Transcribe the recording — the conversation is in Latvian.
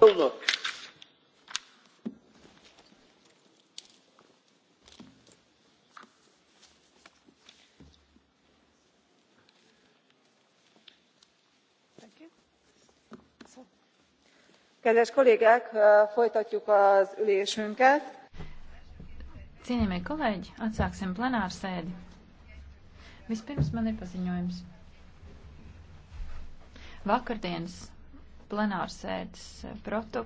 Uno. Kedves kollégák, uh, folytatjuk az ülésünket. Cienījamie kolēģi, atsāksim plenāru sēdi. Vispirms man ir paziņojums. Vakardienas plenārsēdes protokols.